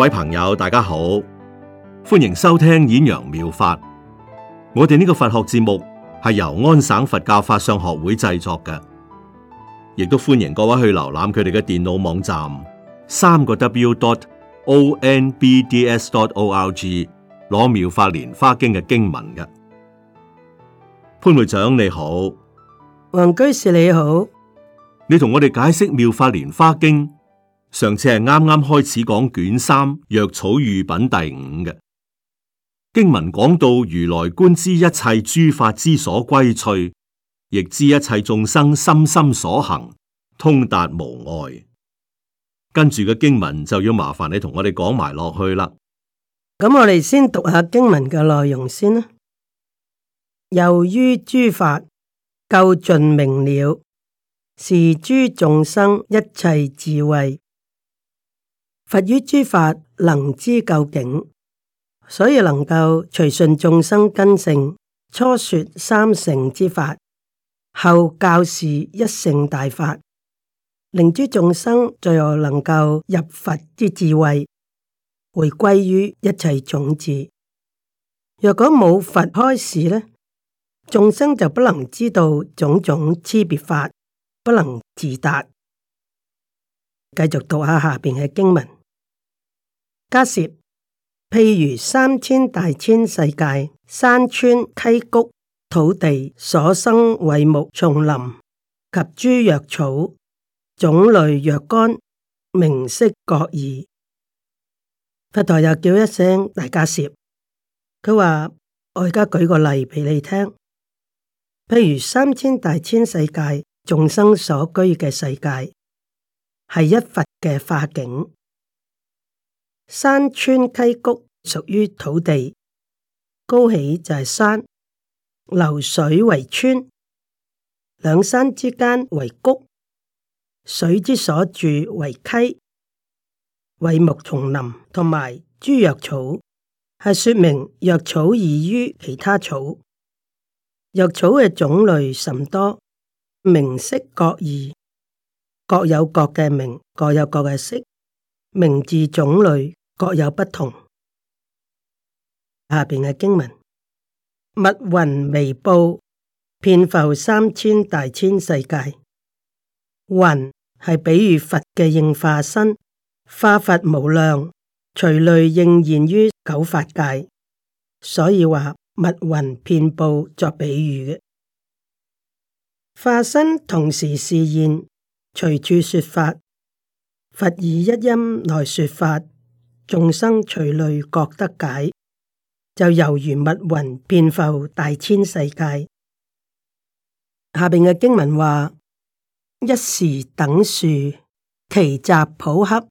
各位朋友，大家好，歡迎收聽《演揚妙，妙法》。我哋呢個佛學節目係由安省佛教法相學會製作嘅，亦都歡迎各位去瀏覽佢哋嘅電腦網站，三個 W dot O N B D S dot O R G，攞《妙法蓮花經》嘅經文嘅。潘會長你好，黃居士你好，你同我哋解釋《妙法蓮花經》。上次係啱啱開始講卷三藥草喻品第五嘅經文，講到如來觀知一切諸法之所歸趣，亦知一切眾生深心所行，通達無礙。跟住嘅經文就要麻煩你同我哋講埋落去啦。咁我哋先讀下經文嘅內容先啦。由於諸法究盡明了，是諸眾生一切智慧。佛於諸法能知究竟，所以能夠隨順眾生根性，初說三乘之法，後教示一乘大法，令諸眾生最後能夠入佛之智慧，回歸於一切種子。若果冇佛開示呢，眾生就不能知道種種差別法，不能自達。繼續讀下下面嘅經文。迦葉，譬如三千大千世界，山川、溪谷、土地所生卉木、叢林及諸藥草種類若干，名色各異。佛陀又叫一聲大迦葉，佢話我而家舉個例俾你聽，譬如三千大千世界眾生所居嘅世界，係一佛嘅化境。山川溪谷屬於土地，高起就係山，流水為川，兩山之間為谷，水之所住為溪，卉木叢林同埋諸藥草，係說明藥草異於其他草，藥草嘅種類甚多，名色各異，各有各嘅名，各有各嘅色，名字種類。各有不同。下邊嘅經文：密雲彌布，遍覆三千大千世界。雲係比喻佛嘅應化身，化佛無量，隨類應現於九法界。所以話密雲遍布作比喻嘅化身，同時示現，隨處說法，佛以一音來說法。眾生隨類各得解，就猶如密雲遍覆大千世界。下邊嘅經文話：一時等澍，其澤普洽，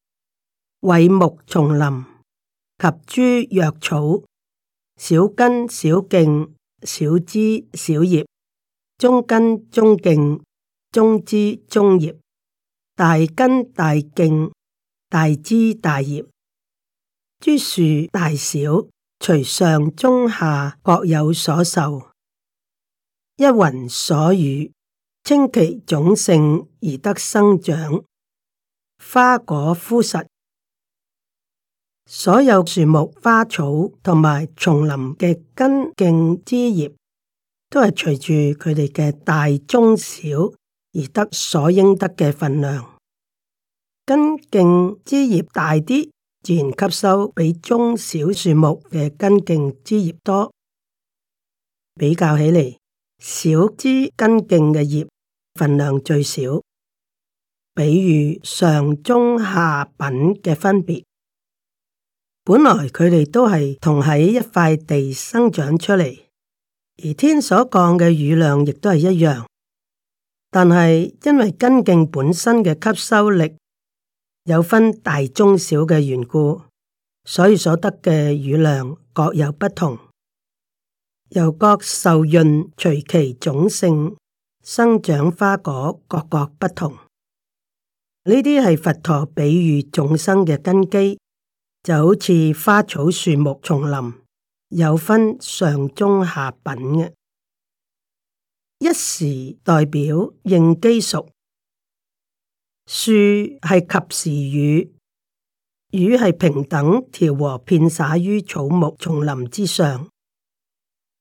卉木叢林及諸藥草，小根小莖小枝小葉，中根中莖中枝中葉，大根大莖大枝大葉。諸樹大小，隨上中下各有所受；一雲所雨，稱其種性而得生長。花果敷實，所有樹木花草同埋叢林嘅根莖枝葉，都係隨住佢哋嘅大中小而得所應得嘅份量。根莖枝葉大啲。自然吸收比中小樹木嘅根莖枝葉多，比較起嚟，小枝根莖嘅葉份量最少。比喻上中下品嘅分別，本來佢哋都係同喺一塊地生長出嚟，而天所降嘅雨量亦都係一樣，但係因為根莖本身嘅吸收力有分大中小嘅緣故，所以所得嘅雨量各有不同，由各受潤隨其種性生長花果，各各不同。呢啲係佛陀比喻眾生嘅根基，就好似花草樹木叢林，有分上中下品嘅一時代表應機熟。樹係及時雨，雨係平等調和，遍灑於草木叢林之上。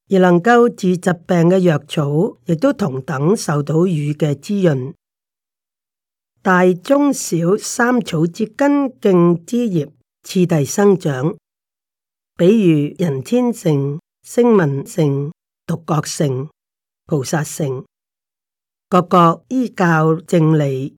而能夠治疾病嘅藥草，亦都同等受到雨嘅滋潤。大中小三草之根莖枝葉，次第生長。比如人天性、聲聞性、獨覺性、菩薩性，各各依教正理。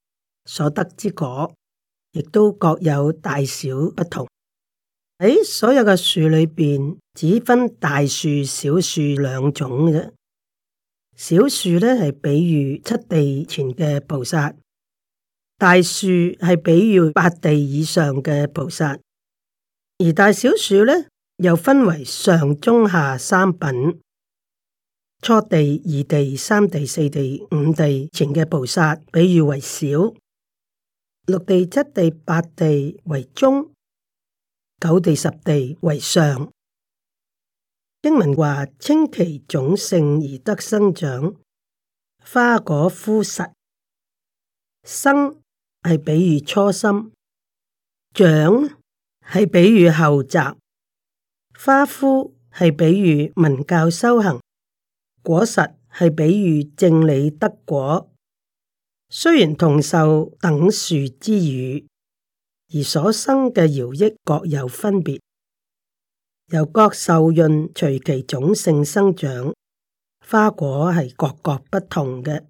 所得之果，亦都各有大小不同。喺所有嘅樹裏邊，只分大樹、小樹兩種嘅啫。小樹咧係比喻七地前嘅菩薩，大樹係比喻八地以上嘅菩薩。而大小樹咧又分為上、中、下三品：初地、二地、三地、四地、五地前嘅菩薩，比喻為小。六地、七地、八地為中，九地、十地為上。經文話：稱其種性而得生長，花果敷實。生係比喻初心，長係比喻後集，花敷係比喻文教修行，果實係比喻正理得果。雖然同受等樹之雨，而所生嘅饒益，各有分別，由各受潤隨其種性生長，花果係各各不同嘅。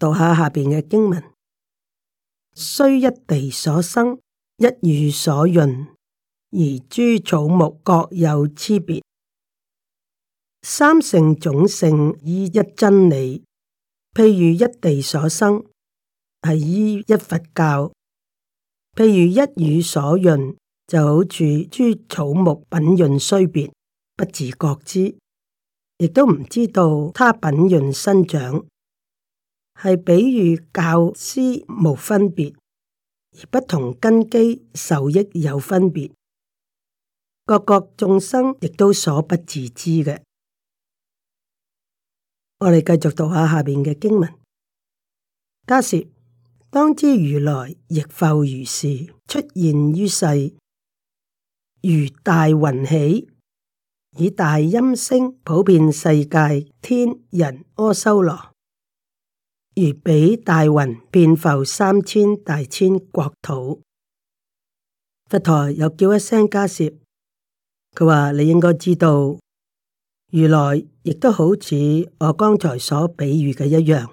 讀下下邊嘅經文：雖一地所生，一雨所潤，而諸草木各有差別。三性種性以一真理。譬如一地所生係依一佛教譬如一雨所潤，就好似諸草木品潤雖別，不自覺知，亦都唔知道他品潤生長，係比喻教師無分別，而不同根基受益有分別，各各眾生亦都所不自知嘅。我哋繼續讀下下面嘅經文。迦葉當知如來亦復如是，出現於世，如大雲起，以大音聲普遍世界，天人阿修羅，如彼大雲，遍覆三千大千國土。佛陀又叫一聲迦葉，佢話你應該知道。如來亦都好似我剛才所比喻嘅一樣，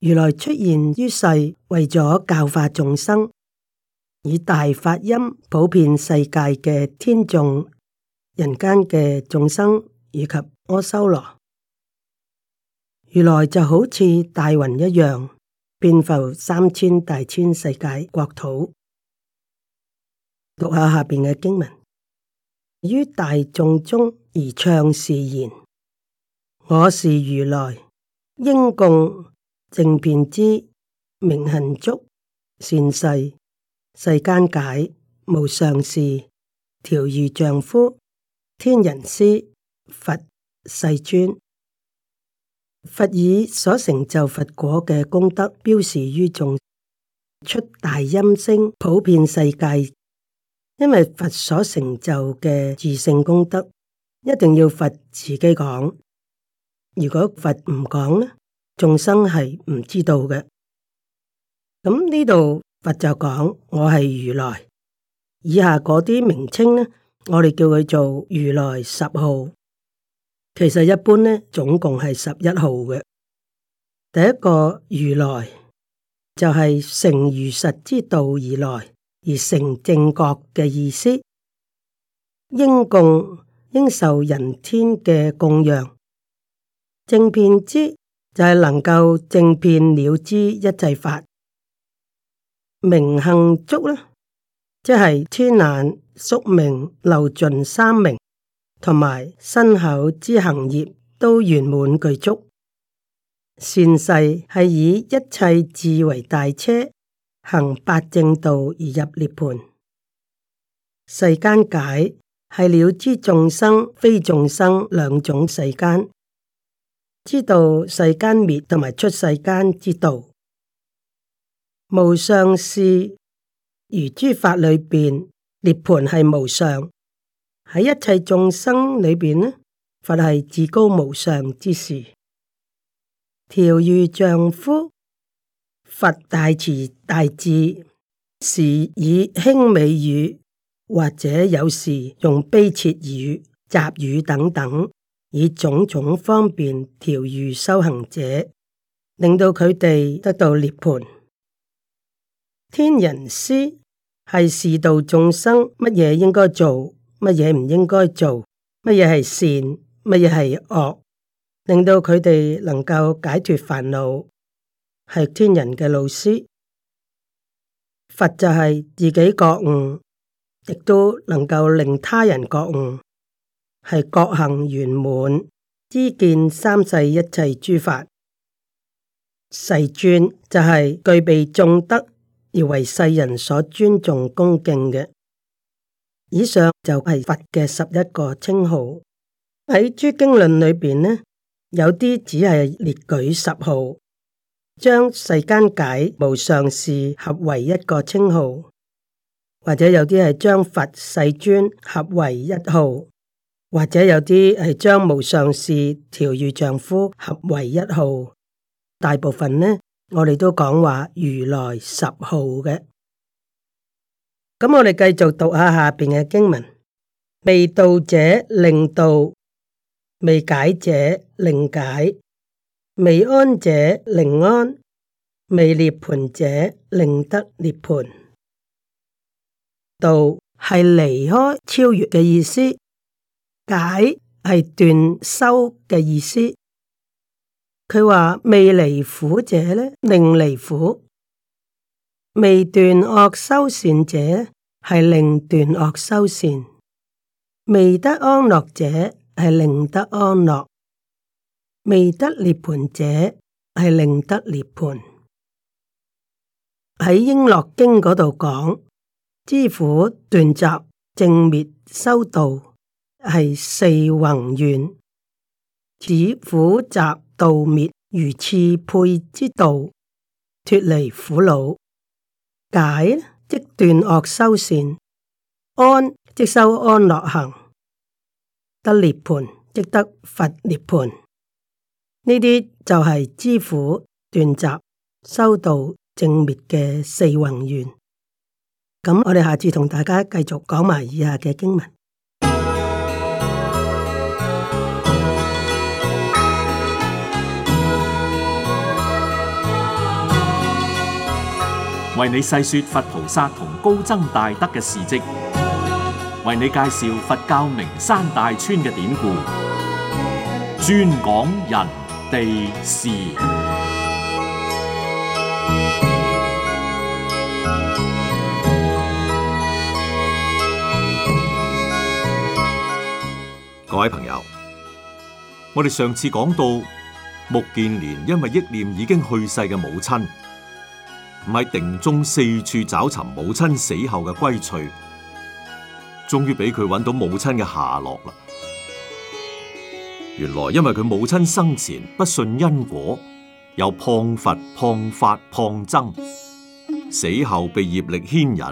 如來出現於世，為咗教化眾生，以大法音普遍世界嘅天眾、人間嘅眾生以及阿修羅，如來就好似大雲一樣，遍覆三千大千世界國土。讀下下邊嘅經文。於大眾中而唱是言，我是如來應供正遍知明行足善逝世，世間解無上士調御丈夫天人師佛世尊。佛以所成就佛果嘅功德，標示於眾，出大音聲，普遍世界。因為佛所成就嘅自性功德，一定要佛自己講。如果佛唔講呢，眾生係唔知道嘅。咁呢度佛就講，我係如來。以下嗰啲名稱呢，我哋叫佢做如來十號。其實一般呢，總共係十一號嘅。第一個如來就係、是、成如實之道而來。而成正覺嘅意思。應供，應受人天嘅供養。正遍知就係、是、能夠正遍了知一切法。明行足啦，即係天眼、宿命、漏盡三明，同埋身口之行業都圓滿具足。善逝係以一切智為大車，行八正道而入涅槃。世間解係了知眾生非眾生兩種世間，知道世間滅同埋出世間之道。無上是如諸法裏邊涅槃係無上，喺一切眾生裏邊呢，佛係至高無上之士，調御丈夫。佛大慈大智，時以輕美語或者有時用悲切語、雜語等等，以種種方便調御修行者，令到佢哋得到涅盤。天人師係示導眾生，乜嘢應該做，乜嘢唔應該做，乜嘢係善，乜嘢係惡，令到佢哋能夠解脱煩惱。係天人嘅老師，佛就係自己覺悟，亦都能夠令他人覺悟，係覺行圓滿，知見三世一切諸法，世尊就係具備眾德而為世人所尊重恭敬嘅。以上就係佛嘅十一個稱號。喺《諸經論》裏邊呢，有啲只係列舉十號。將世間解無上士合為一個稱號，或者有啲係將佛世尊合為一號，或者有啲係將無上士調御丈夫合為一號。大部分呢，我哋都講話如來十號嘅。咁我哋繼續讀下下邊嘅經文：未度者令度，未解者令解。未安者，令安；未涅槃者，令得涅槃。道係離開、超越嘅意思，解係斷修嘅意思。佢話未離苦者呢，令離苦；未斷惡修善者，係令斷惡修善；未得安樂者，係令得安樂。未得涅盤者，係令得涅盤。喺《瓔珞經》嗰度講，知苦斷集正滅修道係四宏願，指苦集道滅如次配之道，脫離苦惱。解即斷惡修善，安即修安樂行，得涅盤即得佛涅盤。呢啲就係知苦斷集修道證滅嘅四宏願。咁我哋下次同大家繼續講埋以下嘅經文。為你細說佛菩薩同高僧大德嘅事跡，為你介紹佛教名山大川嘅典故，專講人。地事，各位朋友，我哋上次講到目犍連因為憶念已經去世嘅母親，唔喺定中四處找尋母親死後嘅歸處，終於俾佢揾到母親嘅下落啦。原來因為佢母親生前不信因果，又謗佛謗法謗僧，死後被業力牽引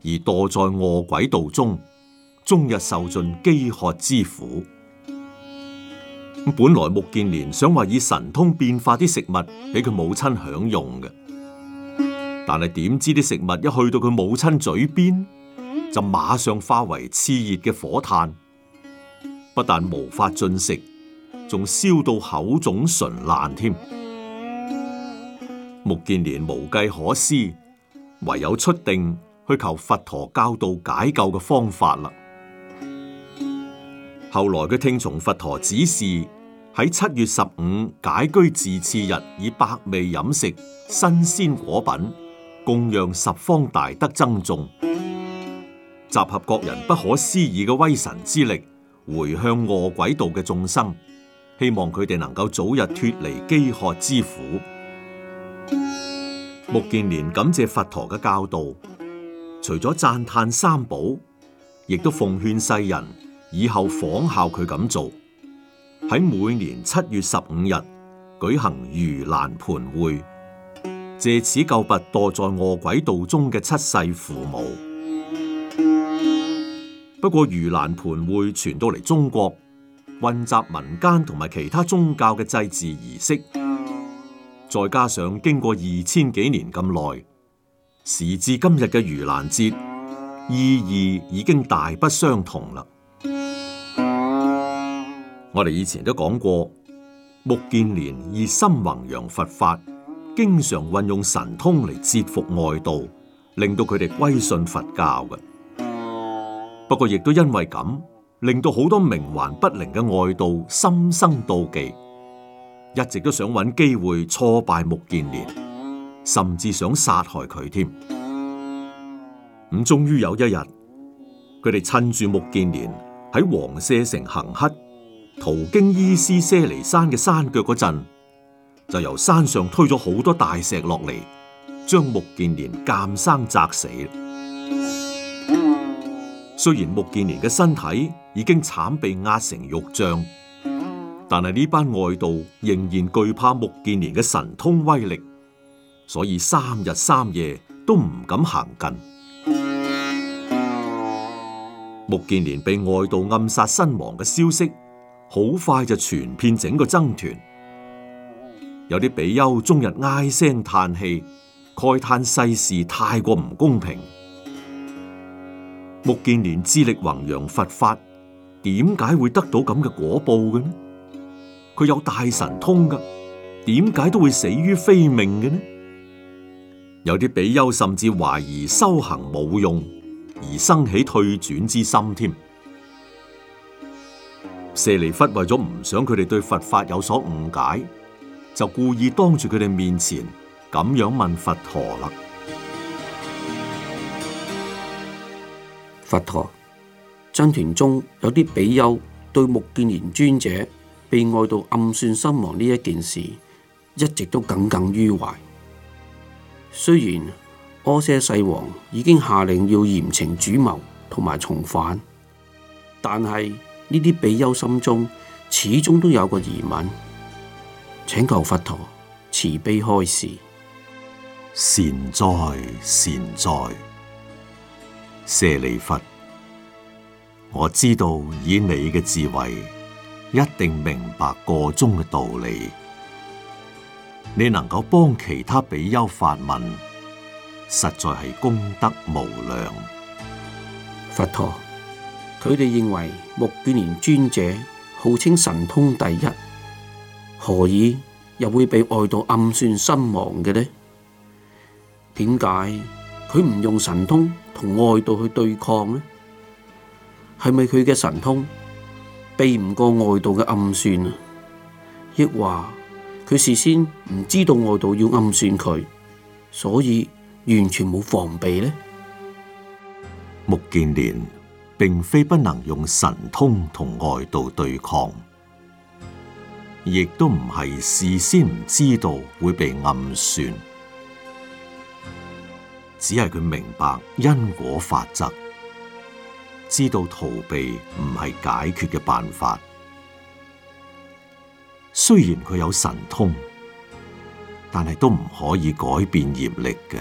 而墮在餓鬼道中，終日受盡飢渴之苦。本來目犍連想話以神通變化啲食物俾佢母親享用嘅，但係點知啲食物一去到佢母親嘴邊，就馬上化為熾熱嘅火炭。不但無法進食，仲燒到口腫唇爛添。目犍連無計可施，唯有出定去求佛陀教導解救嘅方法啦。後來佢聽從佛陀指示，喺七月十五解居自次日，以百味飲食、新鮮果品，供養十方大德僧眾，集合各人不可思議嘅威神之力。回向餓鬼道嘅眾生，希望佢哋能夠早日脫離饑渴之苦。目犍連感謝佛陀嘅教導，除咗讚嘆三寶，亦都奉勸世人以後仿效佢咁做，喺每年七月十五日舉行盂蘭盆會，借此救拔墮在餓鬼道中嘅七世父母。不過，盂蘭盆會傳到嚟中國，混雜民間同埋其他宗教嘅祭祀儀式，再加上經過二千幾年咁耐，時至今日嘅盂蘭節意義已經大不相同啦。我哋以前都講過，目犍連以心弘揚佛法，經常運用神通嚟折服外道，令到佢哋歸信佛教嘅。不過亦都因為咁，令到好多冥頑不靈嘅外道心生妒忌，一直都想揾機會挫敗目犍連，甚至想殺害佢添。咁終於有一日，佢哋趁住目犍連喺王舍城行乞，途經伊斯舍尼山嘅山腳嗰陣，就由山上推咗好多大石落嚟，將目犍連監生砸死。雖然目犍連嘅身體已經慘被壓成肉醬，但係呢班外道仍然懼怕目犍連嘅神通威力，所以三日三夜都唔敢行近。 目犍連被外道暗殺身亡嘅消息，好快就傳遍整個僧團，有啲比丘終日唉聲嘆氣，慨嘆世事太過唔公平。目犍連致力弘揚佛法，點解會得到咁嘅果報嘅呢？佢有大神通㗎，點解都會死於非命嘅呢？有啲比丘甚至懷疑修行冇用，而生起退轉之心添。舍利弗為咗唔想佢哋對佛法有所誤解，就故意當住佢哋面前咁樣問佛陀啦。佛陀僧團中有啲比丘對目犍連尊者被愛到暗算身亡呢一件事，一直都耿耿於懷。雖然阿闍世王已經下令要嚴懲主謀同埋從犯，但係呢啲比丘心中始終都有個疑問，請求佛陀慈悲開示。善哉善哉。舍利弗，我知道以你嘅智慧，一定明白個中嘅道理。你能夠幫其他比丘發問，實在係功德無量。佛陀，佢哋認為目犍連尊者號稱神通第一，何以又會被外道暗算身亡嘅呢？點解？佢唔用神通同外道去對抗呢，係咪佢嘅神通避唔過外道嘅暗算啊？亦話佢事先唔知道外道要暗算佢，所以完全冇防備呢，目犍連並非不能用神通同外道對抗，亦都唔係事先唔知道會被暗算。只係佢明白因果法則，知道逃避唔係解決嘅辦法。雖然佢有神通，但係都唔可以改變業力嘅。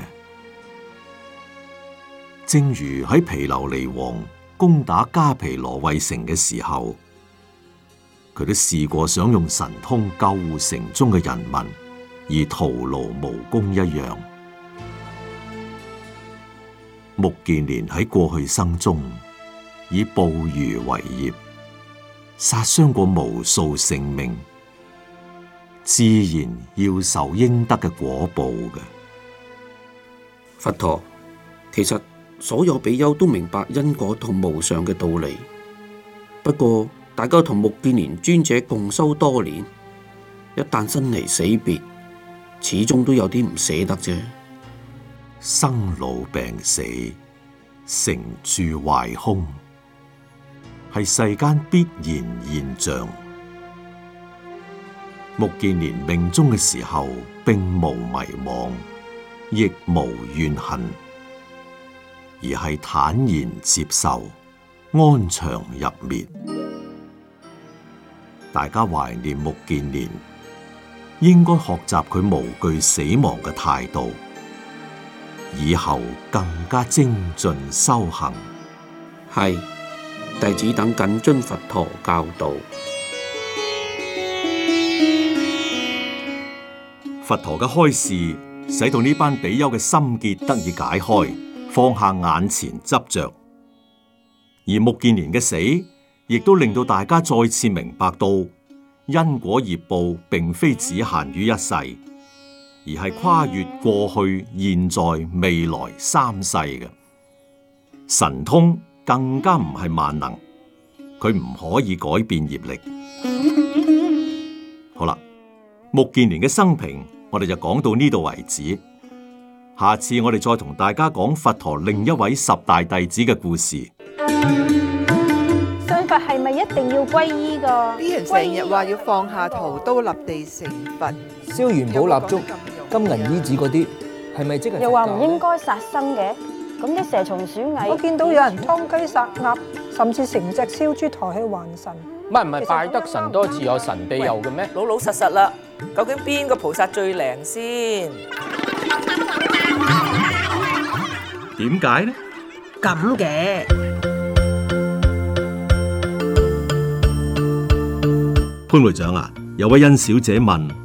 正如喺毗琉璃王攻打迦毗羅衛城嘅時候，佢都試過想用神通救護城中嘅人民，而徒勞無功一樣。目犍連喺過去生中以捕魚為業，殺傷過無數性命，自然要受應得嘅果報嘅。佛陀，其實所有比丘都明白因果同無常嘅道理，不過大家同目犍連尊者共修多年，一旦生離死別，始終都有啲唔捨得啫。生老病死，成住壞空，係世間必然現象。目犍連命中嘅時候，並無迷惘，亦無怨恨，而係坦然接受，安詳入滅。大家懷念目犍連，應該學習佢無懼死亡嘅態度。以後更加精進修行，係弟子等謹遵佛陀教導。佛陀嘅開示，使到呢班比丘嘅心結得以解開，放下眼前執着。而目犍連嘅死，亦都令到大家再次明白到因果業報，並非只限於一世，而係跨越過去、現在、未來三世。嘅神通，更加唔係萬能，佢唔可以改變業力。 好啦，目犍連嘅生平，我哋就講到呢度為止。下次我哋再同大家講佛陀另一位十大弟子嘅故事。信佛係咪一定要皈依㗎？啲人成日話要放下屠刀依立地成佛，燒元寶蠟燭。金銀衣紙嗰啲係咪即係？又話唔應該殺生嘅，咁啲蛇蟲鼠蟻，我見到有人劏雞殺鴨，甚至成隻燒豬抬去還神。唔係唔係，拜得神多自有神庇佑嘅咩？老老實實啦，究竟邊個菩薩最靈先？點解呢？咁嘅潘會長啊，有位殷小姐問。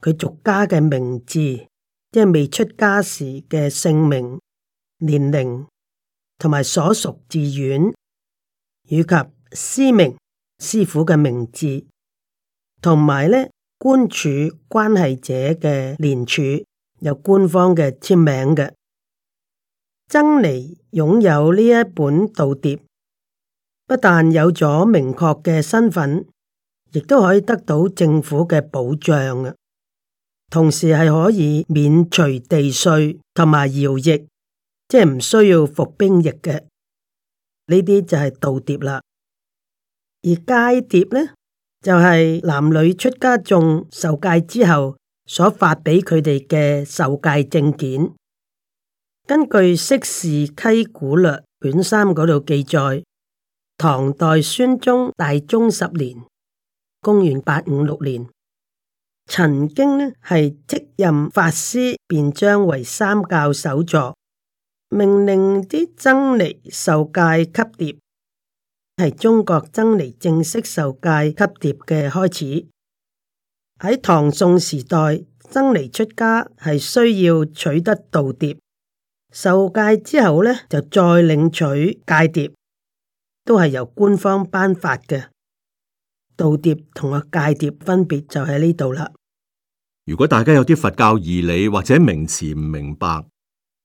佢俗家嘅名字，即未出家時嘅姓名、年齡同埋所屬寺院，以及師名、師傅嘅名字，同埋官署關係者嘅聯署，有官方嘅簽名嘅。僧尼擁有呢一本度牒，不但有咗明確嘅身份，亦都可以得到政府嘅保障。同時係可以免除地稅同埋徭役，即係唔需要服兵役嘅。呢啲就係度牒啦。而戒牒咧，就係、是、男女出家眾受戒之後所發俾佢哋嘅受戒證件。根據《釋氏稽古略》卷三嗰度記載，唐代宣宗大中十年（公元八五六年）。曾經咧係即任法師便將為三教首座，命令啲僧尼受戒級牒，係中國僧尼正式受戒級牒嘅開始。喺唐宋時代，僧尼出家係需要取得度牒，受戒之後呢，就再領取戒牒，都係由官方頒發嘅。度牒同個戒牒分別就喺呢度啦。如果大家有啲佛教義理或者名詞唔明白，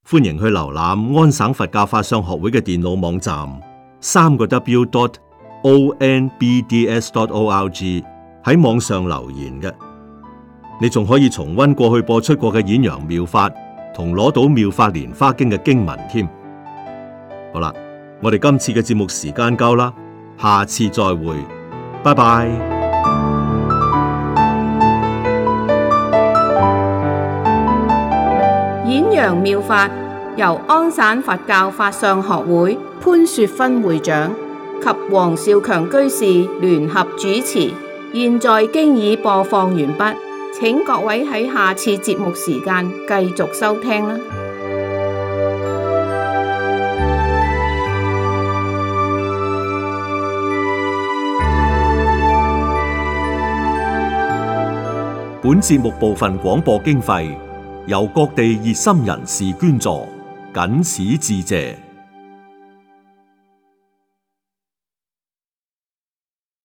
歡迎去瀏覽安省佛教法相學會嘅電腦網站，三個 W dot O N B D S dot O R G 喺網上留言嘅。你仲可以重温過去播出過嘅《演揚妙法》同攞到《妙法蓮花經》嘅經文添。好啦，我哋今次嘅節目時間夠啦，下次再會，拜拜。妙法由安省佛教法相學會潘雪芬會長及黃少強居士聯合主持，現在經已播放完畢，請各位喺下次節目時間繼續收聽啦。本節目部分廣播經費。由各地熱心人士捐助，謹此致謝。